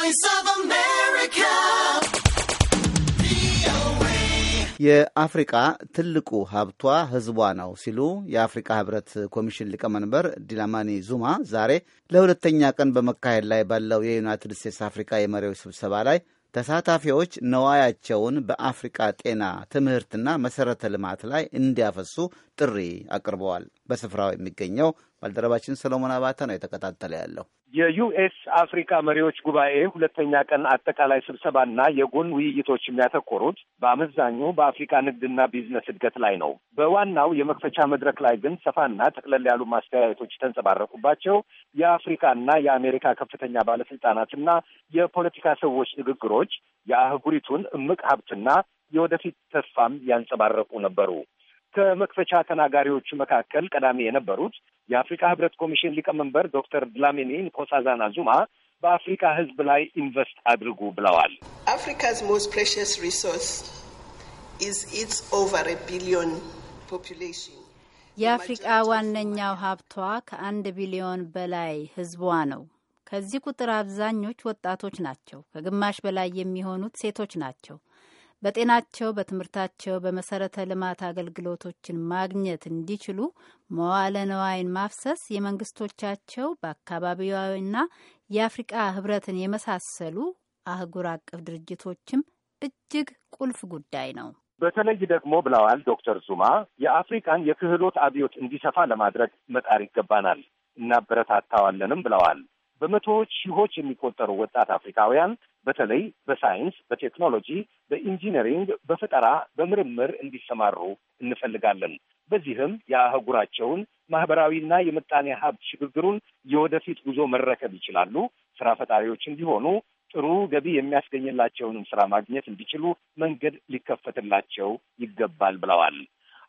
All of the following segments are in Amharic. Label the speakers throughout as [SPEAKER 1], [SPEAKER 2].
[SPEAKER 1] Voice የአፍሪቃ ትልቁ ሀብቷ ህዝቧ ነው ሲሉ የአፍሪቃ ህብረት ኮሚሽን ሊቀመንበር ዲላማኒ ዙማ ዛሬ ለሁለተኛ ቀን በመካሄድ ላይ ባለው የዩናይትድ ስቴትስ አፍሪካ የመሪዎች ስብሰባ ላይ ተሳታፊዎች ነዋያቸውን በአፍሪቃ ጤና፣ ትምህርትና መሠረተ ልማት ላይ እንዲያፈሱ ጥሪ አቅርበዋል። በስፍራው የሚገኘው ባልደረባችን ሰሎሞን አባተ ነው የተከታተለ ያለው።
[SPEAKER 2] የዩኤስ አፍሪካ መሪዎች ጉባኤ ሁለተኛ ቀን አጠቃላይ ስብሰባና የጎን ውይይቶች የሚያተኮሩት በአመዛኙ በአፍሪካ ንግድና ቢዝነስ እድገት ላይ ነው። በዋናው የመክፈቻ መድረክ ላይ ግን ሰፋና ጠቅለል ያሉ ማስተያየቶች የተንጸባረቁባቸው የአፍሪካና የአሜሪካ ከፍተኛ ባለስልጣናትና የፖለቲካ ሰዎች ንግግሮች የአህጉሪቱን እምቅ ሀብትና የወደፊት ተስፋም ያንጸባረቁ ነበሩ። ከመክፈቻ ተናጋሪዎቹ መካከል ቀዳሚ የነበሩት የአፍሪካ ህብረት ኮሚሽን ሊቀመንበር ዶክተር ድላሚኒ ንኮሳዛና ዙማ በአፍሪካ ህዝብ
[SPEAKER 1] ላይ ኢንቨስት አድርጉ ብለዋል።
[SPEAKER 3] የአፍሪቃ ዋነኛው ሀብቷ ከአንድ ቢሊዮን በላይ ህዝቧ ነው። ከዚህ ቁጥር አብዛኞች ወጣቶች ናቸው። ከግማሽ በላይ የሚሆኑት ሴቶች ናቸው። በጤናቸው፣ በትምህርታቸው፣ በመሰረተ ልማት አገልግሎቶችን ማግኘት እንዲችሉ መዋለ ነዋይን ማፍሰስ የመንግስቶቻቸው በአካባቢያዊና የአፍሪቃ ህብረትን የመሳሰሉ አህጉር አቀፍ ድርጅቶችም እጅግ ቁልፍ ጉዳይ ነው።
[SPEAKER 2] በተለይ ደግሞ ብለዋል ዶክተር ዙማ የአፍሪቃን የክህሎት አብዮት እንዲሰፋ ለማድረግ መጣር ይገባናል፣ እናበረታታዋለንም ብለዋል። በመቶዎች ሺዎች የሚቆጠሩ ወጣት አፍሪካውያን በተለይ በሳይንስ፣ በቴክኖሎጂ፣ በኢንጂነሪንግ፣ በፈጠራ፣ በምርምር እንዲሰማሩ እንፈልጋለን። በዚህም የአህጉራቸውን ማህበራዊና የምጣኔ ሀብት ሽግግሩን የወደፊት ጉዞ መረከብ ይችላሉ። ስራ ፈጣሪዎች እንዲሆኑ ጥሩ ገቢ የሚያስገኝላቸውንም ስራ ማግኘት እንዲችሉ መንገድ ሊከፈትላቸው ይገባል ብለዋል።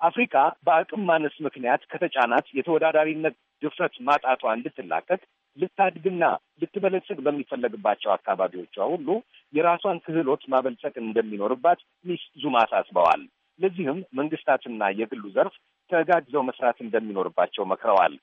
[SPEAKER 2] አፍሪካ በአቅም ማነስ ምክንያት ከተጫናት የተወዳዳሪነት ድፍረት ማጣቷ እንድትላቀቅ ልታድግና ልትበለጽግ በሚፈለግባቸው አካባቢዎቿ ሁሉ የራሷን ክህሎት ማበልጸግ እንደሚኖርባት ሚስ ዙማ አሳስበዋል። ለዚህም መንግስታትና የግሉ ዘርፍ ተጋግዘው መስራት እንደሚኖርባቸው መክረዋል።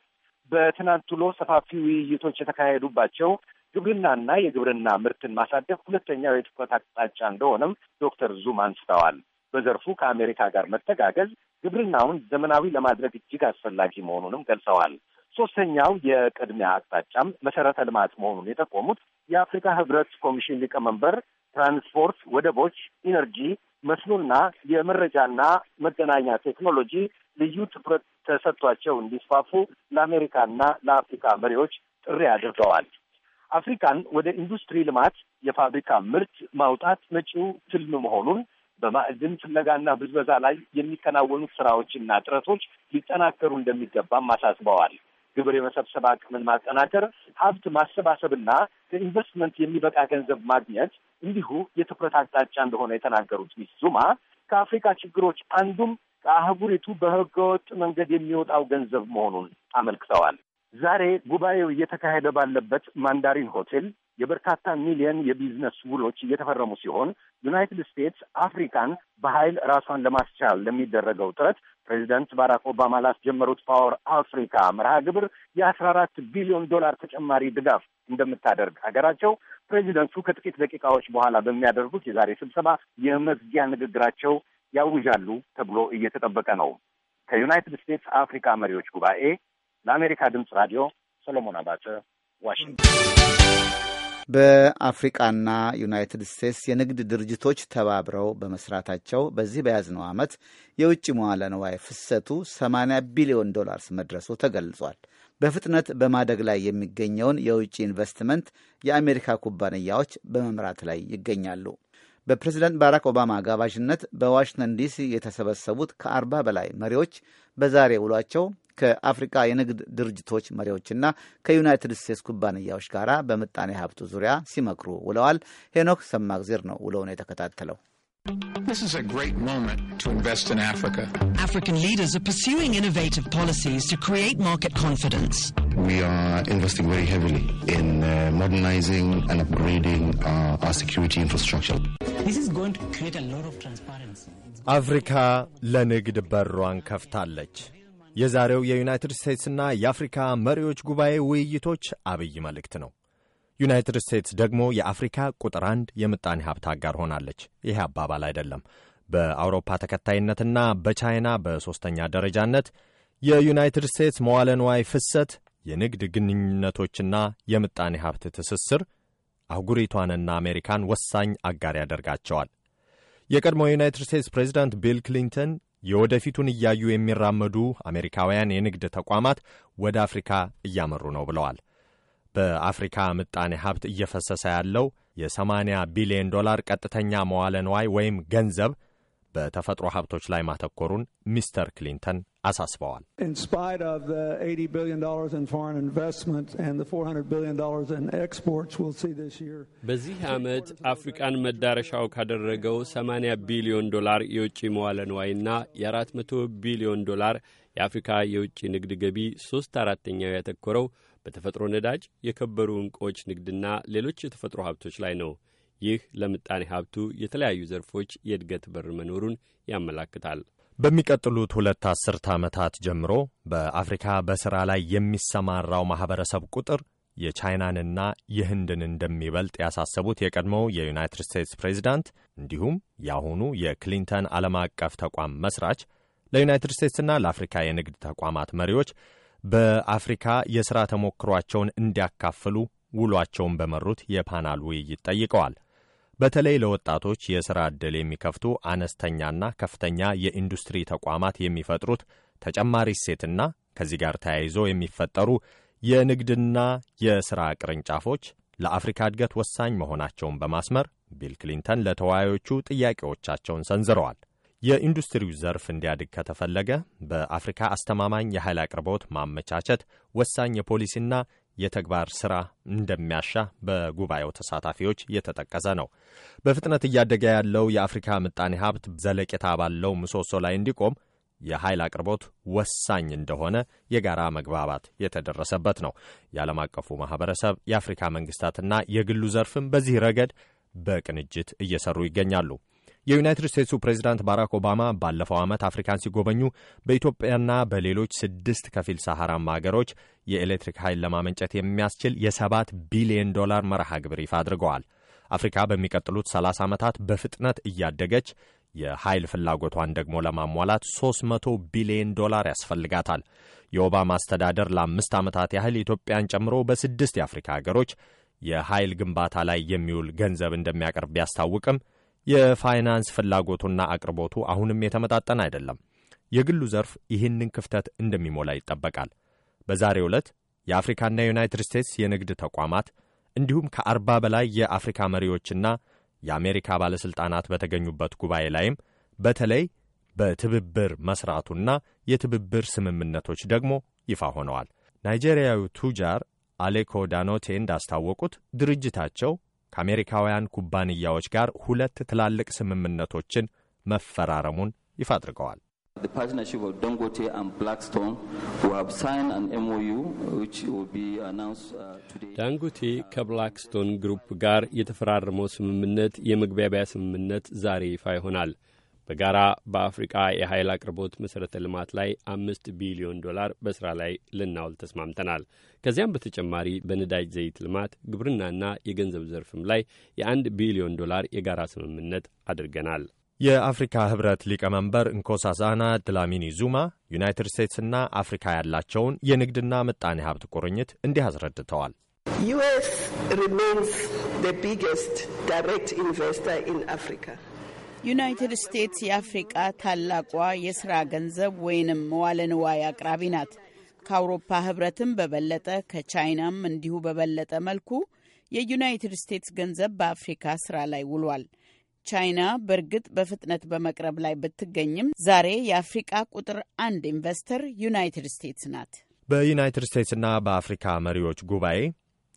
[SPEAKER 2] በትናንት ውሎ ሰፋፊ ውይይቶች የተካሄዱባቸው ግብርናና የግብርና ምርትን ማሳደግ ሁለተኛው የትኩረት አቅጣጫ እንደሆነም ዶክተር ዙማ አንስተዋል። በዘርፉ ከአሜሪካ ጋር መተጋገዝ ግብርናውን ዘመናዊ ለማድረግ እጅግ አስፈላጊ መሆኑንም ገልጸዋል። ሶስተኛው የቅድሚያ አቅጣጫም መሰረተ ልማት መሆኑን የጠቆሙት የአፍሪካ ህብረት ኮሚሽን ሊቀመንበር ትራንስፖርት፣ ወደቦች፣ ኢነርጂ፣ መስኖና የመረጃና መገናኛ ቴክኖሎጂ ልዩ ትኩረት ተሰጥቷቸው እንዲስፋፉ ለአሜሪካና ለአፍሪካ መሪዎች ጥሪ አድርገዋል። አፍሪካን ወደ ኢንዱስትሪ ልማት የፋብሪካ ምርት ማውጣት መጪው ትልም መሆኑን በማዕድን ፍለጋና ብዝበዛ ላይ የሚከናወኑት ስራዎችና ጥረቶች ሊጠናከሩ እንደሚገባም አሳስበዋል። ግብር የመሰብሰብ አቅምን ማጠናከር፣ ሀብት ማሰባሰብና ለኢንቨስትመንት የሚበቃ ገንዘብ ማግኘት እንዲሁ የትኩረት አቅጣጫ እንደሆነ የተናገሩት ሚስ ዙማ ከአፍሪካ ችግሮች አንዱም ከአህጉሪቱ በህገወጥ መንገድ የሚወጣው ገንዘብ መሆኑን አመልክተዋል። ዛሬ ጉባኤው እየተካሄደ ባለበት ማንዳሪን ሆቴል የበርካታ ሚሊየን የቢዝነስ ውሎች እየተፈረሙ ሲሆን ዩናይትድ ስቴትስ አፍሪካን በኃይል ራሷን ለማስቻል ለሚደረገው ጥረት ፕሬዚደንት ባራክ ኦባማ ላስጀመሩት ፓወር አፍሪካ መርሃ ግብር የአስራ አራት ቢሊዮን ዶላር ተጨማሪ ድጋፍ እንደምታደርግ ሀገራቸው ፕሬዚደንቱ ከጥቂት ደቂቃዎች በኋላ በሚያደርጉት የዛሬ ስብሰባ የመዝጊያ ንግግራቸው ያውጃሉ ተብሎ እየተጠበቀ ነው። ከዩናይትድ ስቴትስ አፍሪካ መሪዎች ጉባኤ ለአሜሪካ ድምፅ ራዲዮ ሰሎሞን አባተ ዋሽንግተን
[SPEAKER 1] በአፍሪቃና ዩናይትድ ስቴትስ የንግድ ድርጅቶች ተባብረው በመስራታቸው በዚህ በያዝነው ዓመት የውጭ መዋለ ንዋይ ፍሰቱ 80 ቢሊዮን ዶላርስ መድረሱ ተገልጿል። በፍጥነት በማደግ ላይ የሚገኘውን የውጭ ኢንቨስትመንት የአሜሪካ ኩባንያዎች በመምራት ላይ ይገኛሉ። በፕሬዝደንት ባራክ ኦባማ አጋባዥነት በዋሽንግተን ዲሲ የተሰበሰቡት ከአርባ በላይ መሪዎች በዛሬ ውሏቸው ከአፍሪቃ የንግድ ድርጅቶች መሪዎችና ከዩናይትድ ስቴትስ ኩባንያዎች ጋር በምጣኔ ሀብቱ ዙሪያ ሲመክሩ ውለዋል። ሄኖክ ሰማግዜር ነው ውለውን የተከታተለው።
[SPEAKER 4] This is a great moment to invest in Africa.
[SPEAKER 5] African leaders are pursuing innovative policies to create market confidence.
[SPEAKER 6] We are investing very heavily in uh, modernizing and upgrading
[SPEAKER 1] our,
[SPEAKER 2] our security infrastructure.
[SPEAKER 1] This is going to create a lot of transparency.
[SPEAKER 7] አፍሪካ ለንግድ በሯን ከፍታለች። የዛሬው የዩናይትድ ስቴትስና የአፍሪካ መሪዎች ጉባኤ ውይይቶች አብይ መልእክት ነው። ዩናይትድ ስቴትስ ደግሞ የአፍሪካ ቁጥር አንድ የምጣኔ ሀብት አጋር ሆናለች። ይሄ አባባል አይደለም። በአውሮፓ ተከታይነትና በቻይና በሦስተኛ ደረጃነት የዩናይትድ ስቴትስ መዋለ ንዋይ ፍሰት፣ የንግድ ግንኙነቶችና የምጣኔ ሀብት ትስስር አህጉሪቷንና አሜሪካን ወሳኝ አጋር ያደርጋቸዋል። የቀድሞ የዩናይትድ ስቴትስ ፕሬዚዳንት ቢል ክሊንተን የወደፊቱን እያዩ የሚራመዱ አሜሪካውያን የንግድ ተቋማት ወደ አፍሪካ እያመሩ ነው ብለዋል። በአፍሪካ ምጣኔ ሀብት እየፈሰሰ ያለው የ80 ቢሊዮን ዶላር ቀጥተኛ መዋለ ንዋይ ወይም ገንዘብ በተፈጥሮ ሀብቶች ላይ ማተኮሩን ሚስተር ክሊንተን አሳስበዋል።
[SPEAKER 8] በዚህ ዓመት አፍሪቃን መዳረሻው ካደረገው 80 ቢሊዮን ዶላር የውጭ መዋለ ንዋይና የ400 ቢሊዮን ዶላር የአፍሪካ የውጭ ንግድ ገቢ ሦስት አራተኛው ያተኮረው በተፈጥሮ ነዳጅ፣ የከበሩ ዕንቆች ንግድና ሌሎች የተፈጥሮ ሀብቶች ላይ ነው። ይህ ለምጣኔ ሀብቱ የተለያዩ ዘርፎች የእድገት በር መኖሩን
[SPEAKER 7] ያመላክታል። በሚቀጥሉት ሁለት አስርተ ዓመታት ጀምሮ በአፍሪካ በሥራ ላይ የሚሰማራው ማኅበረሰብ ቁጥር የቻይናንና የህንድን እንደሚበልጥ ያሳሰቡት የቀድሞው የዩናይትድ ስቴትስ ፕሬዚዳንት እንዲሁም የአሁኑ የክሊንተን ዓለም አቀፍ ተቋም መስራች ለዩናይትድ ስቴትስና ለአፍሪካ የንግድ ተቋማት መሪዎች በአፍሪካ የሥራ ተሞክሯቸውን እንዲያካፍሉ ውሏቸውን በመሩት የፓናል ውይይት ጠይቀዋል። በተለይ ለወጣቶች የሥራ ዕድል የሚከፍቱ አነስተኛና ከፍተኛ የኢንዱስትሪ ተቋማት የሚፈጥሩት ተጨማሪ እሴትና ከዚህ ጋር ተያይዞ የሚፈጠሩ የንግድና የሥራ ቅርንጫፎች ለአፍሪካ እድገት ወሳኝ መሆናቸውን በማስመር ቢል ክሊንተን ለተወያዮቹ ጥያቄዎቻቸውን ሰንዝረዋል። የኢንዱስትሪው ዘርፍ እንዲያድግ ከተፈለገ በአፍሪካ አስተማማኝ የኃይል አቅርቦት ማመቻቸት ወሳኝ የፖሊሲና የተግባር ስራ እንደሚያሻ በጉባኤው ተሳታፊዎች የተጠቀሰ ነው። በፍጥነት እያደገ ያለው የአፍሪካ ምጣኔ ሀብት ዘለቄታ ባለው ምሰሶ ላይ እንዲቆም የኃይል አቅርቦት ወሳኝ እንደሆነ የጋራ መግባባት የተደረሰበት ነው። የዓለም አቀፉ ማህበረሰብ፣ የአፍሪካ መንግስታትና የግሉ ዘርፍም በዚህ ረገድ በቅንጅት እየሰሩ ይገኛሉ። የዩናይትድ ስቴትሱ ፕሬዚዳንት ባራክ ኦባማ ባለፈው ዓመት አፍሪካን ሲጎበኙ በኢትዮጵያና በሌሎች ስድስት ከፊል ሳሐራማ አገሮች የኤሌክትሪክ ኃይል ለማመንጨት የሚያስችል የሰባት ቢሊዮን ዶላር መርሃ ግብር ይፋ አድርገዋል። አፍሪካ በሚቀጥሉት 30 ዓመታት በፍጥነት እያደገች የኃይል ፍላጎቷን ደግሞ ለማሟላት 300 ቢሊዮን ዶላር ያስፈልጋታል። የኦባማ አስተዳደር ለአምስት ዓመታት ያህል ኢትዮጵያን ጨምሮ በስድስት የአፍሪካ ሀገሮች የኃይል ግንባታ ላይ የሚውል ገንዘብ እንደሚያቀርብ ቢያስታውቅም የፋይናንስ ፍላጎቱና አቅርቦቱ አሁንም የተመጣጠነ አይደለም። የግሉ ዘርፍ ይህንን ክፍተት እንደሚሞላ ይጠበቃል። በዛሬ ዕለት የአፍሪካና የዩናይትድ ስቴትስ የንግድ ተቋማት እንዲሁም ከአርባ በላይ የአፍሪካ መሪዎችና የአሜሪካ ባለሥልጣናት በተገኙበት ጉባኤ ላይም በተለይ በትብብር መስራቱና የትብብር ስምምነቶች ደግሞ ይፋ ሆነዋል። ናይጄሪያዊ ቱጃር አሌኮ ዳኖቴ እንዳስታወቁት ድርጅታቸው ከአሜሪካውያን ኩባንያዎች ጋር ሁለት ትላልቅ ስምምነቶችን መፈራረሙን ይፋ አድርገዋል።
[SPEAKER 8] The partnership of Dongote and Blackstone who have signed an
[SPEAKER 2] MOU which will be announced uh, today.
[SPEAKER 8] ዳንጎቴ ከብላክስቶን ግሩፕ ጋር የተፈራረመው ስምምነት የመግባቢያ ስምምነት ዛሬ ይፋ ይሆናል። በጋራ በአፍሪቃ የኃይል አቅርቦት መሠረተ ልማት ላይ አምስት ቢሊዮን ዶላር በሥራ ላይ ልናውል ተስማምተናል። ከዚያም በተጨማሪ በነዳጅ ዘይት ልማት፣ ግብርናና የገንዘብ ዘርፍም ላይ የአንድ ቢሊዮን ዶላር የጋራ ስምምነት አድርገናል።
[SPEAKER 7] የአፍሪካ ህብረት ሊቀመንበር እንኮሳዛና ድላሚኒ ዙማ ዩናይትድ ስቴትስና አፍሪካ ያላቸውን የንግድና ምጣኔ ሀብት ቁርኝት እንዲህ አስረድተዋል።
[SPEAKER 8] ኢን አፍሪካ
[SPEAKER 3] ዩናይትድ ስቴትስ የአፍሪቃ ታላቋ የስራ ገንዘብ ወይንም መዋለ ንዋይ አቅራቢ ናት። ከአውሮፓ ህብረትም በበለጠ ከቻይናም እንዲሁ በበለጠ መልኩ የዩናይትድ ስቴትስ ገንዘብ በአፍሪካ ስራ ላይ ውሏል። ቻይና በእርግጥ በፍጥነት በመቅረብ ላይ ብትገኝም ዛሬ የአፍሪቃ ቁጥር አንድ ኢንቨስተር ዩናይትድ ስቴትስ ናት።
[SPEAKER 7] በዩናይትድ ስቴትስና በአፍሪካ መሪዎች ጉባኤ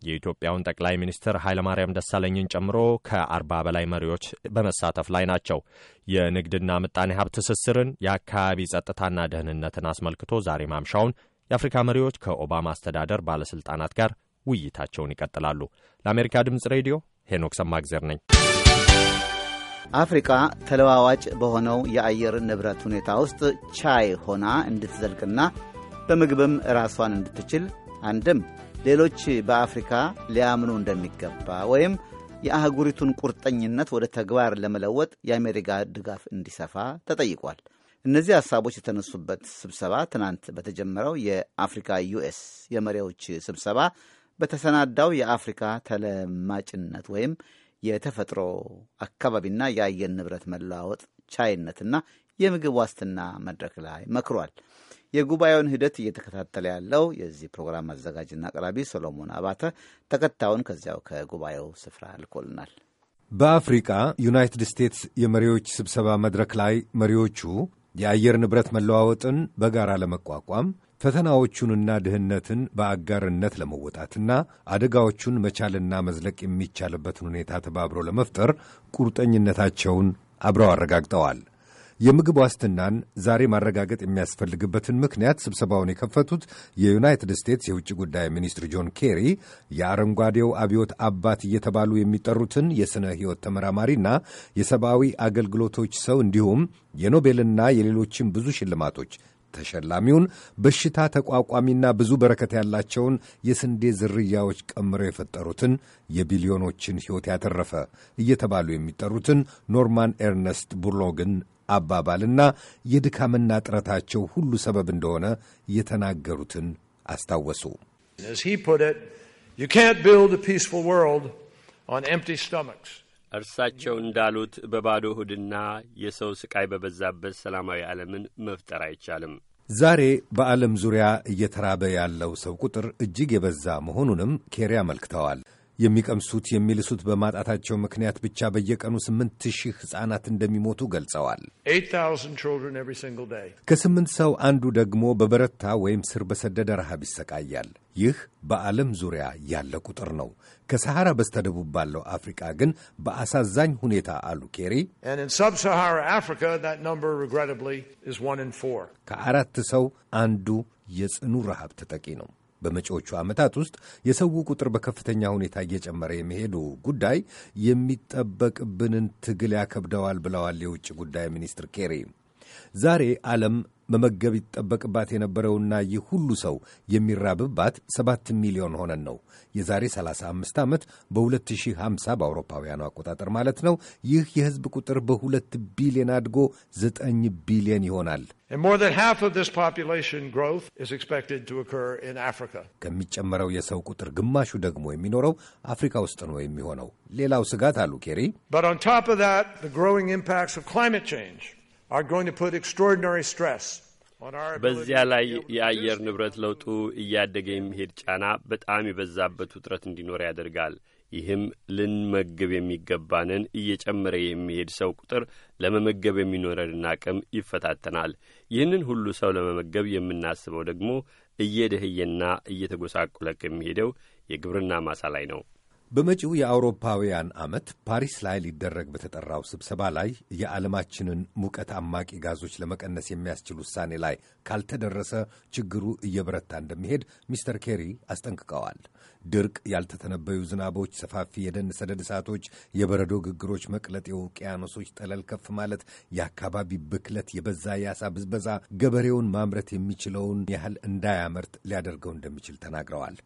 [SPEAKER 7] የኢትዮጵያውን ጠቅላይ ሚኒስትር ኃይለማርያም ደሳለኝን ጨምሮ ከአርባ በላይ መሪዎች በመሳተፍ ላይ ናቸው። የንግድና ምጣኔ ሀብት ትስስርን፣ የአካባቢ ጸጥታና ደህንነትን አስመልክቶ ዛሬ ማምሻውን የአፍሪካ መሪዎች ከኦባማ አስተዳደር ባለሥልጣናት ጋር ውይይታቸውን ይቀጥላሉ። ለአሜሪካ ድምፅ ሬዲዮ ሄኖክ ሰማግዜር ነኝ።
[SPEAKER 1] አፍሪቃ ተለዋዋጭ በሆነው የአየር ንብረት ሁኔታ ውስጥ ቻይ ሆና እንድትዘልቅና በምግብም ራሷን እንድትችል አንድም ሌሎች በአፍሪካ ሊያምኑ እንደሚገባ ወይም የአህጉሪቱን ቁርጠኝነት ወደ ተግባር ለመለወጥ የአሜሪካ ድጋፍ እንዲሰፋ ተጠይቋል። እነዚህ ሀሳቦች የተነሱበት ስብሰባ ትናንት በተጀመረው የአፍሪካ ዩኤስ የመሪዎች ስብሰባ በተሰናዳው የአፍሪካ ተለማጭነት ወይም የተፈጥሮ አካባቢና የአየር ንብረት መለዋወጥ ቻይነትና የምግብ ዋስትና መድረክ ላይ መክሯል። የጉባኤውን ሂደት እየተከታተለ ያለው የዚህ ፕሮግራም አዘጋጅና አቅራቢ ሶሎሞን አባተ ተከታዩን ከዚያው ከጉባኤው ስፍራ ልኮልናል።
[SPEAKER 6] በአፍሪቃ ዩናይትድ ስቴትስ የመሪዎች ስብሰባ መድረክ ላይ መሪዎቹ የአየር ንብረት መለዋወጥን በጋራ ለመቋቋም ፈተናዎቹንና ድህነትን በአጋርነት ለመወጣትና አደጋዎቹን መቻልና መዝለቅ የሚቻልበትን ሁኔታ ተባብሮ ለመፍጠር ቁርጠኝነታቸውን አብረው አረጋግጠዋል። የምግብ ዋስትናን ዛሬ ማረጋገጥ የሚያስፈልግበትን ምክንያት ስብሰባውን የከፈቱት የዩናይትድ ስቴትስ የውጭ ጉዳይ ሚኒስትር ጆን ኬሪ የአረንጓዴው አብዮት አባት እየተባሉ የሚጠሩትን የሥነ ሕይወት ተመራማሪና የሰብአዊ አገልግሎቶች ሰው እንዲሁም የኖቤልና የሌሎችም ብዙ ሽልማቶች ተሸላሚውን በሽታ ተቋቋሚና ብዙ በረከት ያላቸውን የስንዴ ዝርያዎች ቀምረው የፈጠሩትን የቢሊዮኖችን ሕይወት ያተረፈ እየተባሉ የሚጠሩትን ኖርማን ኤርነስት ቡርሎግን አባባልና የድካምና ጥረታቸው ሁሉ ሰበብ እንደሆነ የተናገሩትን አስታወሱ።
[SPEAKER 4] As he put it, you can't build a peaceful world on empty stomachs.
[SPEAKER 8] እርሳቸው እንዳሉት በባዶ እሁድና የሰው ስቃይ በበዛበት ሰላማዊ ዓለምን መፍጠር አይቻልም።
[SPEAKER 6] ዛሬ በዓለም ዙሪያ እየተራበ ያለው ሰው ቁጥር እጅግ የበዛ መሆኑንም ኬሪ አመልክተዋል። የሚቀምሱት የሚልሱት በማጣታቸው ምክንያት ብቻ በየቀኑ ስምንት ሺህ ሕፃናት እንደሚሞቱ ገልጸዋል። ከስምንት ሰው አንዱ ደግሞ በበረታ ወይም ስር በሰደደ ረሃብ ይሰቃያል። ይህ በዓለም ዙሪያ ያለ ቁጥር ነው። ከሰሐራ በስተደቡብ ባለው አፍሪቃ ግን በአሳዛኝ ሁኔታ አሉ ኬሪ ከአራት ሰው አንዱ የጽኑ ረሃብ ተጠቂ ነው። በመጪዎቹ ዓመታት ውስጥ የሰው ቁጥር በከፍተኛ ሁኔታ እየጨመረ የመሄዱ ጉዳይ የሚጠበቅብንን ትግል ያከብደዋል ብለዋል የውጭ ጉዳይ ሚኒስትር ኬሪ። ዛሬ ዓለም መመገብ ይጠበቅባት የነበረውና ይህ ሁሉ ሰው የሚራብባት ሰባት ሚሊዮን ሆነን ነው። የዛሬ 35 ዓመት በ2050 በአውሮፓውያኑ አቆጣጠር ማለት ነው። ይህ የህዝብ ቁጥር በሁለት ቢሊዮን አድጎ 9 ቢሊዮን ይሆናል። ከሚጨመረው የሰው ቁጥር ግማሹ ደግሞ የሚኖረው አፍሪካ ውስጥ ነው የሚሆነው። ሌላው ስጋት አሉ ኬሪ
[SPEAKER 4] በዚያ
[SPEAKER 8] ላይ የአየር ንብረት ለውጡ እያደገ የሚሄድ ጫና በጣም የበዛበት ውጥረት እንዲኖር ያደርጋል። ይህም ልንመገብ የሚገባንን እየጨመረ የሚሄድ ሰው ቁጥር ለመመገብ የሚኖረንን አቅም ይፈታተናል። ይህንን ሁሉ ሰው ለመመገብ የምናስበው ደግሞ እየደህየና እየተጎሳቆለ ከሚሄደው የግብርና ማሳ ላይ ነው።
[SPEAKER 6] በመጪው የአውሮፓውያን ዓመት ፓሪስ ላይ ሊደረግ በተጠራው ስብሰባ ላይ የዓለማችንን ሙቀት አማቂ ጋዞች ለመቀነስ የሚያስችል ውሳኔ ላይ ካልተደረሰ ችግሩ እየበረታ እንደሚሄድ ሚስተር ኬሪ አስጠንቅቀዋል። ድርቅ፣ ያልተተነበዩ ዝናቦች፣ ሰፋፊ የደን ሰደድ እሳቶች፣ የበረዶ ግግሮች መቅለጥ፣ የውቅያኖሶች ጠለል ከፍ ማለት፣ የአካባቢ ብክለት፣ የበዛ የአሳ ብዝበዛ ገበሬውን ማምረት የሚችለውን ያህል እንዳያመርት ሊያደርገው እንደሚችል ተናግረዋል።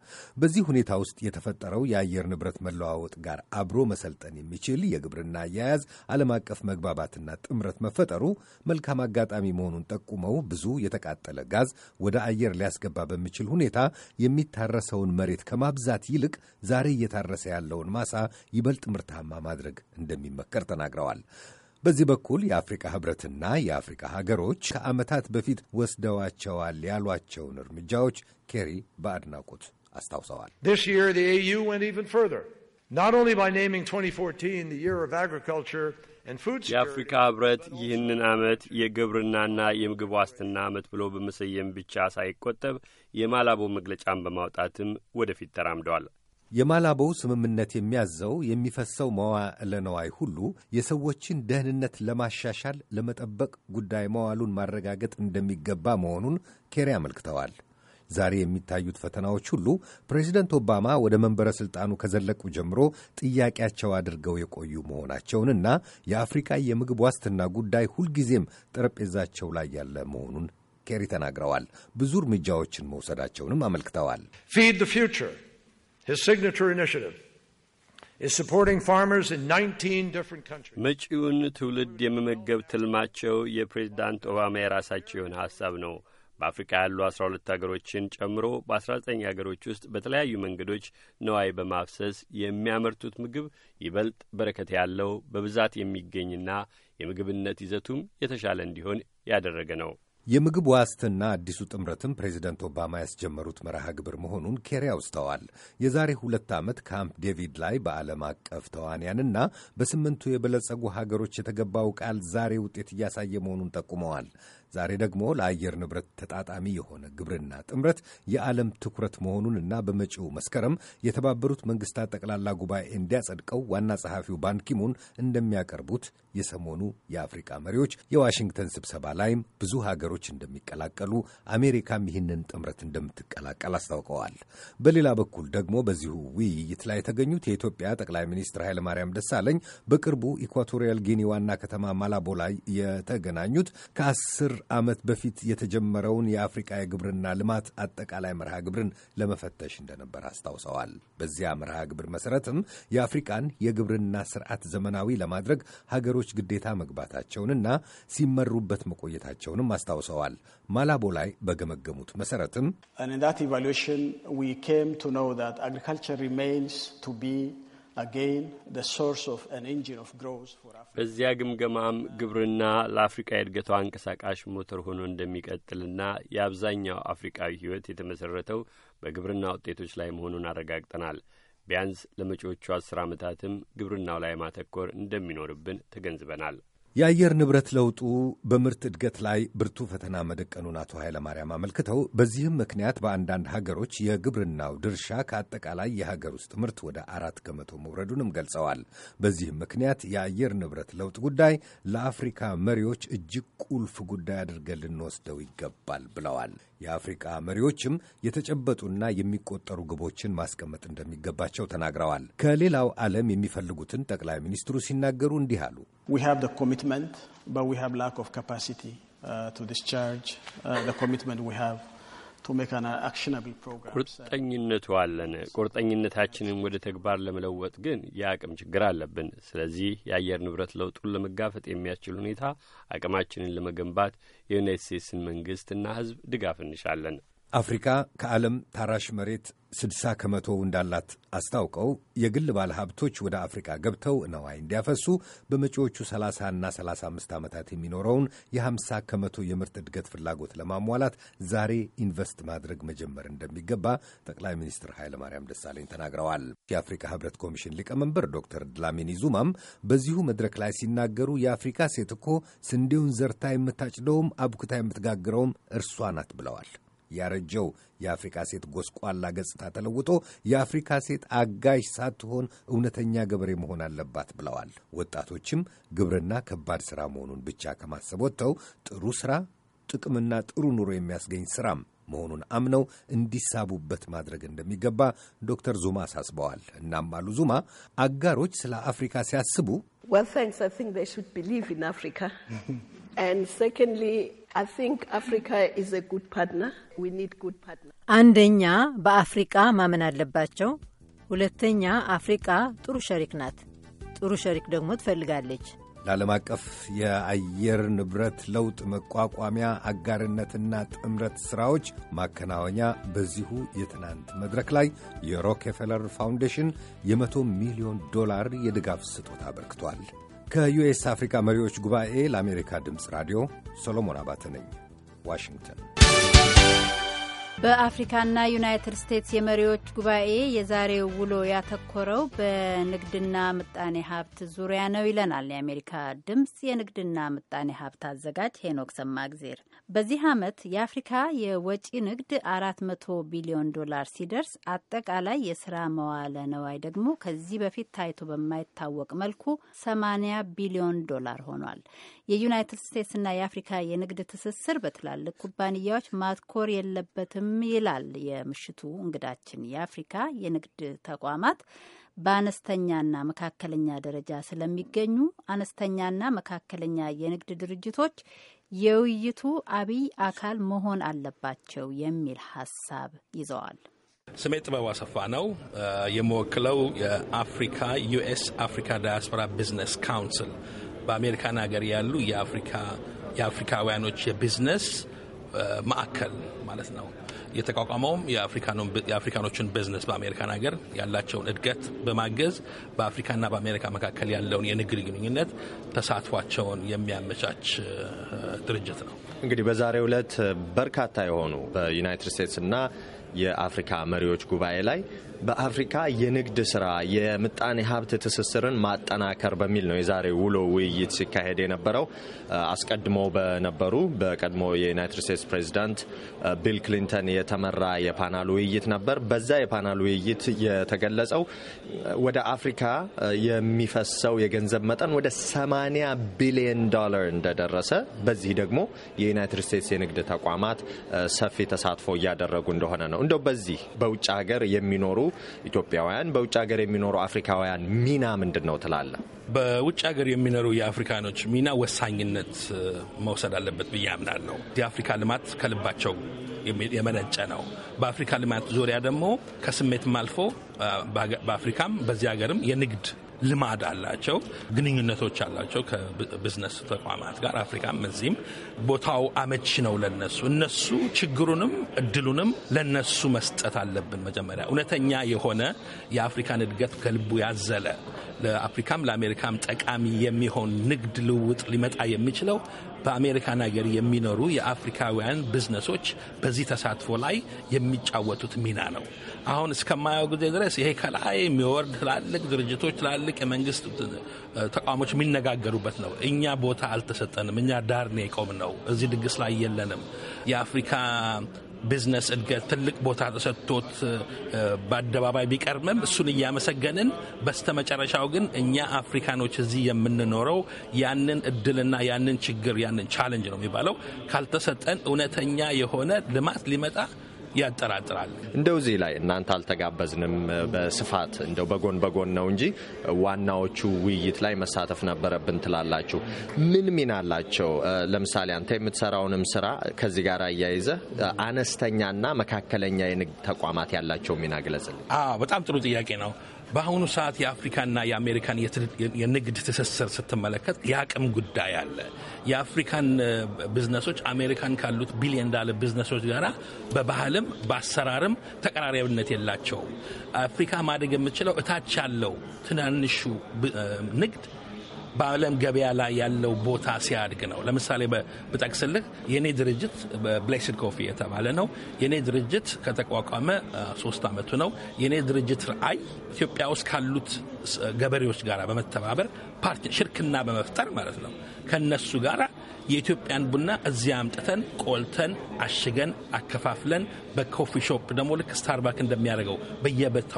[SPEAKER 6] በዚህ ሁኔታ ውስጥ የተፈጠረው የአየር ንብረት መለዋወጥ ጋር አብሮ መሰልጠን የሚችል የግብርና አያያዝ ዓለም አቀፍ መግባባትና ጥምረት መፈጠሩ መልካም አጋጣሚ መሆኑን ጠቁመው ብዙ የተቃጠለ ጋዝ ወደ አየር ሊያስገባ በሚችል ሁኔታ የሚታረሰውን መሬት ከማብዛ ከመግዛት ይልቅ ዛሬ እየታረሰ ያለውን ማሳ ይበልጥ ምርታማ ማድረግ እንደሚመከር ተናግረዋል። በዚህ በኩል የአፍሪካ ህብረትና የአፍሪካ ሀገሮች ከዓመታት በፊት ወስደዋቸዋል ያሏቸውን እርምጃዎች ኬሪ በአድናቆት አስታውሰዋል።
[SPEAKER 4] This
[SPEAKER 8] የአፍሪካ ህብረት ይህንን ዓመት የግብርናና የምግብ ዋስትና ዓመት ብሎ በመሰየም ብቻ ሳይቆጠብ የማላቦ መግለጫን በማውጣትም ወደፊት ተራምደዋል።
[SPEAKER 6] የማላቦው ስምምነት የሚያዘው የሚፈሰው መዋዕለ ነዋይ ሁሉ የሰዎችን ደህንነት ለማሻሻል ለመጠበቅ ጉዳይ መዋሉን ማረጋገጥ እንደሚገባ መሆኑን ኬሪ አመልክተዋል። ዛሬ የሚታዩት ፈተናዎች ሁሉ ፕሬዚደንት ኦባማ ወደ መንበረ ሥልጣኑ ከዘለቁ ጀምሮ ጥያቄያቸው አድርገው የቆዩ መሆናቸውንና የአፍሪካ የምግብ ዋስትና ጉዳይ ሁልጊዜም ጠረጴዛቸው ላይ ያለ መሆኑን ኬሪ ተናግረዋል። ብዙ እርምጃዎችን መውሰዳቸውንም አመልክተዋል።
[SPEAKER 4] ፊድ ዘ ፊውቸር ሂዝ ሲግኒቸር
[SPEAKER 8] መጪውን ትውልድ የመመገብ ትልማቸው የፕሬዝዳንት ኦባማ የራሳቸው የሆነ ሐሳብ ነው። በአፍሪካ ያሉ አስራ ሁለት ሀገሮችን ጨምሮ በአስራ ዘጠኝ ሀገሮች ውስጥ በተለያዩ መንገዶች ነዋይ በማፍሰስ የሚያመርቱት ምግብ ይበልጥ በረከት ያለው በብዛት የሚገኝና የምግብነት ይዘቱም የተሻለ እንዲሆን ያደረገ ነው።
[SPEAKER 6] የምግብ ዋስትና አዲሱ ጥምረትም ፕሬዚደንት ኦባማ ያስጀመሩት መርሃ ግብር መሆኑን ኬሪ አውስተዋል። የዛሬ ሁለት ዓመት ካምፕ ዴቪድ ላይ በዓለም አቀፍ ተዋንያንና በስምንቱ የበለጸጉ ሀገሮች የተገባው ቃል ዛሬ ውጤት እያሳየ መሆኑን ጠቁመዋል። ዛሬ ደግሞ ለአየር ንብረት ተጣጣሚ የሆነ ግብርና ጥምረት የዓለም ትኩረት መሆኑን እና በመጪው መስከረም የተባበሩት መንግስታት ጠቅላላ ጉባኤ እንዲያጸድቀው ዋና ጸሐፊው ባንኪሙን እንደሚያቀርቡት የሰሞኑ የአፍሪካ መሪዎች የዋሽንግተን ስብሰባ ላይም ብዙ ሀገሮች እንደሚቀላቀሉ አሜሪካም ይህንን ጥምረት እንደምትቀላቀል አስታውቀዋል። በሌላ በኩል ደግሞ በዚሁ ውይይት ላይ የተገኙት የኢትዮጵያ ጠቅላይ ሚኒስትር ኃይለማርያም ደሳለኝ በቅርቡ ኢኳቶሪያል ጊኒ ዋና ከተማ ማላቦ ላይ የተገናኙት ከአስር ዓመት በፊት የተጀመረውን የአፍሪቃ የግብርና ልማት አጠቃላይ መርሃ ግብርን ለመፈተሽ እንደነበር አስታውሰዋል። በዚያ መርሃ ግብር መሠረትም የአፍሪቃን የግብርና ስርዓት ዘመናዊ ለማድረግ ሀገሮች ግዴታ መግባታቸውንና ሲመሩበት መቆየታቸውንም አስታውሰዋል። ማላቦ ላይ በገመገሙት መሠረትም
[SPEAKER 7] ኢቫሉዌሽን ዊ ኬም ቱ ኖው ዛት አግሪካልቸር ሪሜይንስ ቱ ቢ
[SPEAKER 8] በዚያ ግምገማም ግብርና ለአፍሪቃ የእድገቷ አንቀሳቃሽ ሞተር ሆኖ እንደሚቀጥልና የአብዛኛው አፍሪቃዊ ሕይወት የተመሠረተው በግብርና ውጤቶች ላይ መሆኑን አረጋግጠናል። ቢያንስ ለመጪዎቹ አስር ዓመታትም ግብርናው ላይ ማተኮር እንደሚኖርብን ተገንዝበናል።
[SPEAKER 6] የአየር ንብረት ለውጡ በምርት እድገት ላይ ብርቱ ፈተና መደቀኑን አቶ ኃይለማርያም አመልክተው በዚህም ምክንያት በአንዳንድ ሀገሮች የግብርናው ድርሻ ከአጠቃላይ የሀገር ውስጥ ምርት ወደ አራት ከመቶ መውረዱንም ገልጸዋል። በዚህም ምክንያት የአየር ንብረት ለውጥ ጉዳይ ለአፍሪካ መሪዎች እጅግ ቁልፍ ጉዳይ አድርገን ልንወስደው ይገባል ብለዋል። የአፍሪቃ መሪዎችም የተጨበጡና የሚቆጠሩ ግቦችን ማስቀመጥ እንደሚገባቸው ተናግረዋል። ከሌላው ዓለም የሚፈልጉትን ጠቅላይ ሚኒስትሩ ሲናገሩ እንዲህ አሉ። commitment, but we have lack of capacity
[SPEAKER 7] uh, to discharge uh, the commitment we have
[SPEAKER 8] ቁርጠኝነቱ አለን። ቁርጠኝነታችንን ወደ ተግባር ለመለወጥ ግን የአቅም ችግር አለብን። ስለዚህ የአየር ንብረት ለውጡን ለመጋፈጥ የሚያስችል ሁኔታ አቅማችንን ለመገንባት የዩናይት ስቴትስን መንግስትና ሕዝብ ድጋፍ እንሻለን።
[SPEAKER 6] አፍሪካ ከዓለም ታራሽ መሬት 60 ከመቶ እንዳላት አስታውቀው የግል ባለሀብቶች ወደ አፍሪካ ገብተው ነዋይ እንዲያፈሱ በመጪዎቹ 30 እና 35 ዓመታት የሚኖረውን የ50 ከመቶ የምርት እድገት ፍላጎት ለማሟላት ዛሬ ኢንቨስት ማድረግ መጀመር እንደሚገባ ጠቅላይ ሚኒስትር ኃይለማርያም ደሳለኝ ተናግረዋል። የአፍሪካ ህብረት ኮሚሽን ሊቀመንበር ዶክተር ድላሚኒ ዙማም በዚሁ መድረክ ላይ ሲናገሩ የአፍሪካ ሴት እኮ ስንዴውን ዘርታ የምታጭደውም አብኩታ የምትጋግረውም እርሷ ናት ብለዋል። ያረጀው የአፍሪካ ሴት ጎስቋላ ገጽታ ተለውጦ የአፍሪካ ሴት አጋዥ ሳትሆን እውነተኛ ገበሬ መሆን አለባት ብለዋል። ወጣቶችም ግብርና ከባድ ስራ መሆኑን ብቻ ከማሰብ ወጥተው ጥሩ ስራ ጥቅምና ጥሩ ኑሮ የሚያስገኝ ስራም መሆኑን አምነው እንዲሳቡበት ማድረግ እንደሚገባ ዶክተር ዙማ አሳስበዋል። እናም አሉ ዙማ አጋሮች ስለ አፍሪካ ሲያስቡ
[SPEAKER 3] አንደኛ በአፍሪቃ ማመን አለባቸው። ሁለተኛ አፍሪቃ ጥሩ ሸሪክ ናት። ጥሩ ሸሪክ ደግሞ ትፈልጋለች።
[SPEAKER 6] ለዓለም አቀፍ የአየር ንብረት ለውጥ መቋቋሚያ አጋርነትና ጥምረት ሥራዎች ማከናወኛ በዚሁ የትናንት መድረክ ላይ የሮኬፌለር ፋውንዴሽን የመቶ ሚሊዮን ዶላር የድጋፍ ስጦታ አበርክቷል። ከዩኤስ አፍሪካ መሪዎች ጉባኤ ለአሜሪካ ድምፅ ራዲዮ ሰሎሞን አባተ ነኝ፣
[SPEAKER 3] ዋሽንግተን። በአፍሪካና ዩናይትድ ስቴትስ የመሪዎች ጉባኤ የዛሬው ውሎ ያተኮረው በንግድና ምጣኔ ሀብት ዙሪያ ነው ይለናል የአሜሪካ ድምፅ የንግድና ምጣኔ ሀብት አዘጋጅ ሄኖክ ሰማእግዜር። በዚህ ዓመት የአፍሪካ የወጪ ንግድ 400 ቢሊዮን ዶላር ሲደርስ አጠቃላይ የስራ መዋለ ነዋይ ደግሞ ከዚህ በፊት ታይቶ በማይታወቅ መልኩ 80 ቢሊዮን ዶላር ሆኗል። የዩናይትድ ስቴትስና የአፍሪካ የንግድ ትስስር በትላልቅ ኩባንያዎች ማትኮር የለበትም ይላል የምሽቱ እንግዳችን። የአፍሪካ የንግድ ተቋማት በአነስተኛና መካከለኛ ደረጃ ስለሚገኙ አነስተኛና መካከለኛ የንግድ ድርጅቶች የውይይቱ አብይ አካል መሆን አለባቸው የሚል ሀሳብ ይዘዋል።
[SPEAKER 5] ስሜ ጥበብ አሰፋ ነው። የምወክለው የአፍሪካ ዩኤስ አፍሪካ ዳያስፖራ ቢዝነስ ካውንስል በአሜሪካን ሀገር ያሉ የአፍሪካውያኖች የቢዝነስ ማዕከል ማለት ነው። የተቋቋመውም የአፍሪካኖችን ቢዝነስ በአሜሪካን ሀገር ያላቸውን እድገት በማገዝ በአፍሪካና በአሜሪካ መካከል ያለውን የንግድ ግንኙነት ተሳትፏቸውን የሚያመቻች ድርጅት ነው።
[SPEAKER 7] እንግዲህ በዛሬው ዕለት በርካታ የሆኑ በዩናይትድ ስቴትስና የአፍሪካ መሪዎች ጉባኤ ላይ በአፍሪካ የንግድ ስራ የምጣኔ ሀብት ትስስርን ማጠናከር በሚል ነው የዛሬ ውሎ ውይይት ሲካሄድ የነበረው። አስቀድሞ በነበሩ በቀድሞ የዩናይትድ ስቴትስ ፕሬዚዳንት ቢል ክሊንተን የተመራ የፓናል ውይይት ነበር። በዛ የፓናል ውይይት የተገለጸው ወደ አፍሪካ የሚፈሰው የገንዘብ መጠን ወደ 80 ቢሊዮን ዶላር እንደደረሰ፣ በዚህ ደግሞ የዩናይትድ ስቴትስ የንግድ ተቋማት ሰፊ ተሳትፎ እያደረጉ እንደሆነ ነው። እንደው በዚህ በውጭ ሀገር የሚኖሩ ኢትዮጵያውያን፣ በውጭ ሀገር የሚኖሩ አፍሪካውያን ሚና ምንድን ነው ትላለ?
[SPEAKER 5] በውጭ ሀገር የሚኖሩ የአፍሪካኖች ሚና ወሳኝነት መውሰድ አለበት ብዬ አምናለሁ። የአፍሪካ ልማት ከልባቸው የመነጨ ነው። በአፍሪካ ልማት ዙሪያ ደግሞ ከስሜትም አልፎ በአፍሪካም በዚህ ሀገርም የንግድ ልማድ አላቸው፣ ግንኙነቶች አላቸው ከቢዝነስ ተቋማት ጋር አፍሪካም፣ እዚህም ቦታው አመቺ ነው ለነሱ። እነሱ ችግሩንም እድሉንም ለነሱ መስጠት አለብን። መጀመሪያ እውነተኛ የሆነ የአፍሪካን እድገት ከልቡ ያዘለ ለአፍሪካም ለአሜሪካም ጠቃሚ የሚሆን ንግድ ልውውጥ ሊመጣ የሚችለው በአሜሪካን ሀገር የሚኖሩ የአፍሪካውያን ቢዝነሶች በዚህ ተሳትፎ ላይ የሚጫወቱት ሚና ነው። አሁን እስከማየው ጊዜ ድረስ ይሄ ከላይ የሚወርድ ትላልቅ ድርጅቶች፣ ትላልቅ የመንግስት ተቋሞች የሚነጋገሩበት ነው። እኛ ቦታ አልተሰጠንም፣ እኛ ዳር ነው የቆምነው፣ እዚህ ድግስ ላይ የለንም። የአፍሪካ ቢዝነስ እድገት ትልቅ ቦታ ተሰጥቶት በአደባባይ ቢቀርምም እሱን እያመሰገንን በስተመጨረሻው ግን እኛ አፍሪካኖች እዚህ የምንኖረው ያንን እድልና ያንን ችግር ያንን ቻለንጅ ነው የሚባለው ካልተሰጠን እውነተኛ የሆነ ልማት ሊመጣ ያጠራጥራል።
[SPEAKER 7] እንደው እዚህ ላይ እናንተ አልተጋበዝንም በስፋት እንደው በጎን በጎን ነው እንጂ ዋናዎቹ ውይይት ላይ መሳተፍ ነበረብን ትላላችሁ። ምን ሚና አላቸው? ለምሳሌ አንተ የምትሰራውንም ስራ ከዚህ ጋር አያይዘ አነስተኛና መካከለኛ የንግድ ተቋማት ያላቸው ሚና ግለጽልኝ።
[SPEAKER 5] በጣም ጥሩ ጥያቄ ነው። በአሁኑ ሰዓት የአፍሪካና የአሜሪካን የንግድ ትስስር ስትመለከት የአቅም ጉዳይ አለ። የአፍሪካን ቢዝነሶች አሜሪካን ካሉት ቢሊዮን ዳለር ቢዝነሶች ጋራ በባህልም በአሰራርም ተቀራሪያዊነት የላቸውም። አፍሪካ ማደግ የምችለው እታች ያለው ትናንሹ ንግድ በዓለም ገበያ ላይ ያለው ቦታ ሲያድግ ነው። ለምሳሌ ብጠቅስልህ የእኔ ድርጅት ብሌስድ ኮፊ የተባለ ነው። የእኔ ድርጅት ከተቋቋመ ሶስት ዓመቱ ነው። የእኔ ድርጅት ራዕይ ኢትዮጵያ ውስጥ ካሉት ገበሬዎች ጋር በመተባበር ፓርቲ ሽርክና በመፍጠር ማለት ነው ከነሱ ጋር የኢትዮጵያን ቡና እዚያ አምጥተን ቆልተን አሽገን አከፋፍለን በኮፊ ሾፕ ደግሞ ልክ ስታርባክ እንደሚያደርገው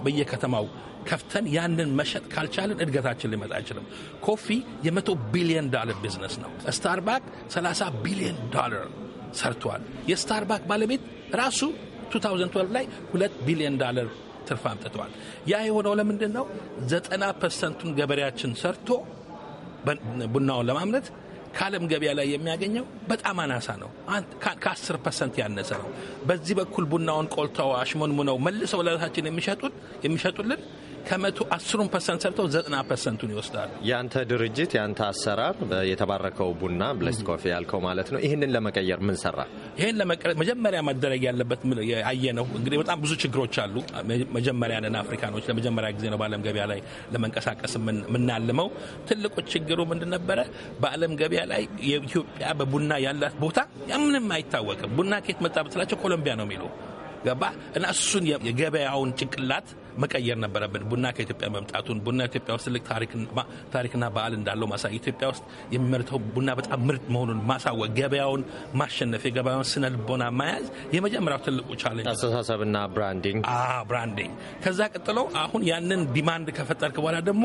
[SPEAKER 5] በየከተማው ከፍተን ያንን መሸጥ ካልቻለን እድገታችን ሊመጣ አይችልም። ኮፊ የመቶ ቢሊዮን ዶላር ቢዝነስ ነው። ስታርባክ 30 ቢሊዮን ዶላር ሰርቷል። የስታርባክ ባለቤት ራሱ 2012 ላይ 2 ቢሊዮን ዶላር ትርፍ አምጥተዋል። ያ የሆነው ለምንድን ነው? ዘጠና ፐርሰንቱን ገበሬያችን ሰርቶ ቡናውን ለማምረት ከዓለም ገበያ ላይ የሚያገኘው በጣም አናሳ ነው። ከአስር ፐርሰንት ያነሰ ነው። በዚህ በኩል ቡናውን ቆልተው አሽሞንሙነው መልሰው ለራሳችን የሚሸጡልን ከመቶ አስሩን ፐርሰንት ሰርተው ዘጠና ፐርሰንቱን ይወስዳሉ።
[SPEAKER 7] ያንተ ድርጅት ያንተ አሰራር የተባረከው ቡና ብለስ ኮፊ ያልከው ማለት ነው። ይህንን ለመቀየር ምን ሰራ?
[SPEAKER 5] ይህን ለመቀየር መጀመሪያ መደረግ ያለበት አየ ነው እንግዲህ በጣም ብዙ ችግሮች አሉ። መጀመሪያ ነን አፍሪካኖች ለመጀመሪያ ጊዜ ነው በዓለም ገበያ ላይ ለመንቀሳቀስ የምናልመው። ትልቁ ችግሩ ምንድን ነበረ? በዓለም ገበያ ላይ የኢትዮጵያ በቡና ያላት ቦታ ምንም አይታወቅም። ቡና ከየት መጣ ብትላቸው ኮሎምቢያ ነው የሚሉ ገባ እና እሱን የገበያውን ጭንቅላት መቀየር ነበረብን። ቡና ከኢትዮጵያ መምጣቱን ቡና ኢትዮጵያ ውስጥ ትልቅ ታሪክና በዓል እንዳለው ማሳ ኢትዮጵያ ውስጥ የሚመርተው ቡና በጣም ምርጥ መሆኑን ማሳወቅ፣ ገበያውን ማሸነፍ፣ የገበያውን ስነ ልቦና መያዝ የመጀመሪያው ትልቁ ቻለንጅ አስተሳሰብና ብራንዲንግ ብራንዲንግ። ከዛ ቀጥሎ አሁን ያንን ዲማንድ ከፈጠርክ በኋላ ደግሞ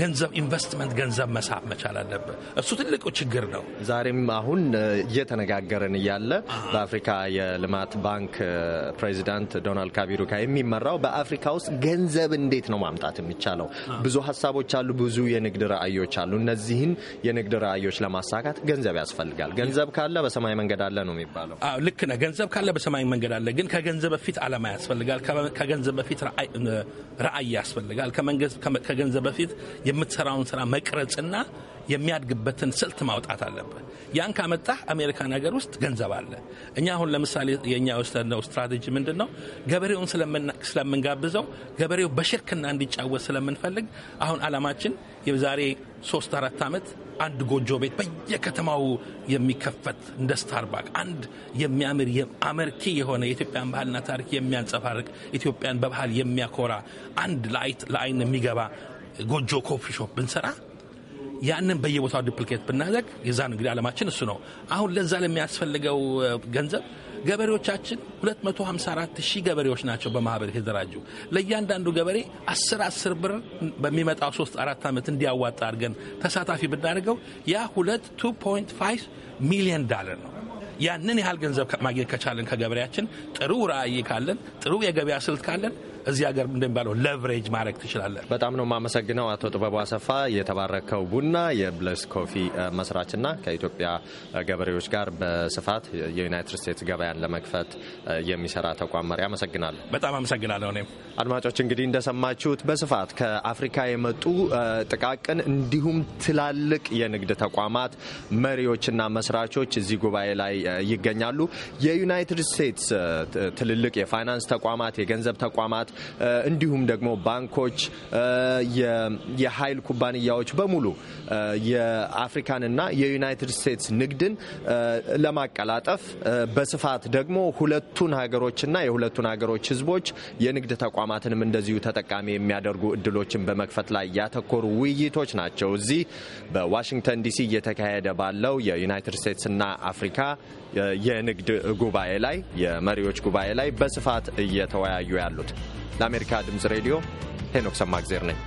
[SPEAKER 5] ገንዘብ ኢንቨስትመንት፣ ገንዘብ መሳብ መቻል አለብህ። እሱ ትልቁ ችግር ነው።
[SPEAKER 7] ዛሬም አሁን እየተነጋገረን እያለ በአፍሪካ የልማት ባንክ ፕሬዚዳንት ዶናልድ ካቢሩካ የሚመራው በአፍሪካ ውስጥ ገንዘብ እንዴት ነው ማምጣት የሚቻለው? ብዙ ሀሳቦች አሉ፣ ብዙ የንግድ ራዕዮች አሉ። እነዚህን የንግድ ራዕዮች ለማሳካት ገንዘብ ያስፈልጋል። ገንዘብ ካለ በሰማይ መንገድ አለ ነው የሚባለው።
[SPEAKER 5] ልክ ነህ። ገንዘብ ካለ በሰማይ መንገድ አለ። ግን ከገንዘብ በፊት አላማ ያስፈልጋል። ከገንዘብ በፊት ራዕይ ያስፈልጋል። ከገንዘብ በፊት የምትሰራውን ስራ መቅረጽና የሚያድግበትን ስልት ማውጣት አለብህ። ያን ካመጣህ አሜሪካን ሀገር ውስጥ ገንዘብ አለ። እኛ አሁን ለምሳሌ የእኛ የወሰድነው ስትራቴጂ ምንድን ነው? ገበሬውን ስለምንጋብዘው ገበሬው በሽርክና እንዲጫወት ስለምንፈልግ አሁን አላማችን የዛሬ ሶስት አራት ዓመት አንድ ጎጆ ቤት በየከተማው የሚከፈት እንደ ስታርባክ አንድ የሚያምር አመርኪ የሆነ የኢትዮጵያን ባህልና ታሪክ የሚያንጸባርቅ ኢትዮጵያን በባህል የሚያኮራ አንድ ለአይን የሚገባ ጎጆ ኮፊ ሾፕ ብንሰራ ያንን በየቦታው ዱፕሊኬት ብናደርግ የዛን እንግዲህ ዓለማችን እሱ ነው። አሁን ለዛ ለሚያስፈልገው ገንዘብ ገበሬዎቻችን 254 ሺህ ገበሬዎች ናቸው በማህበር የተደራጁ። ለእያንዳንዱ ገበሬ 10 10 ብር በሚመጣው 3 4 ዓመት እንዲያዋጣ አድርገን ተሳታፊ ብናደርገው ያ 2.5 ሚሊዮን ዳለር ነው። ያንን ያህል ገንዘብ ማግኘት ከቻለን ከገበሬያችን ጥሩ ራዕይ ካለን ጥሩ የገበያ ስልት ካለን እዚህ ሀገር እንደሚባለው ለቨሬጅ ማድረግ ትችላለን። በጣም ነው የማመሰግነው አቶ ጥበቡ አሰፋ የተባረከው
[SPEAKER 7] ቡና የብለስ ኮፊ መስራችና ከኢትዮጵያ ገበሬዎች ጋር በስፋት የዩናይትድ ስቴትስ ገበያን ለመክፈት የሚሰራ ተቋም መሪ። አመሰግናለሁ።
[SPEAKER 5] በጣም አመሰግናለሁ።
[SPEAKER 7] እኔም አድማጮች እንግዲህ እንደሰማችሁት በስፋት ከአፍሪካ የመጡ ጥቃቅን እንዲሁም ትላልቅ የንግድ ተቋማት መሪዎችና መስራቾች እዚህ ጉባኤ ላይ ይገኛሉ። የዩናይትድ ስቴትስ ትልልቅ የፋይናንስ ተቋማት፣ የገንዘብ ተቋማት እንዲሁም ደግሞ ባንኮች፣ የኃይል ኩባንያዎች በሙሉ የአፍሪካንና የዩናይትድ ስቴትስ ንግድን ለማቀላጠፍ በስፋት ደግሞ ሁለቱን ሀገሮችና የሁለቱን ሀገሮች ህዝቦች የንግድ ተቋማትንም እንደዚሁ ተጠቃሚ የሚያደርጉ እድሎችን በመክፈት ላይ ያተኮሩ ውይይቶች ናቸው እዚህ በዋሽንግተን ዲሲ እየተካሄደ ባለው የዩናይትድ ስቴትስና አፍሪካ የንግድ ጉባኤ ላይ የመሪዎች ጉባኤ ላይ በስፋት እየተወያዩ ያሉት። ለአሜሪካ ድምፅ ሬዲዮ ሄኖክ ሰማግዜር ነኝ።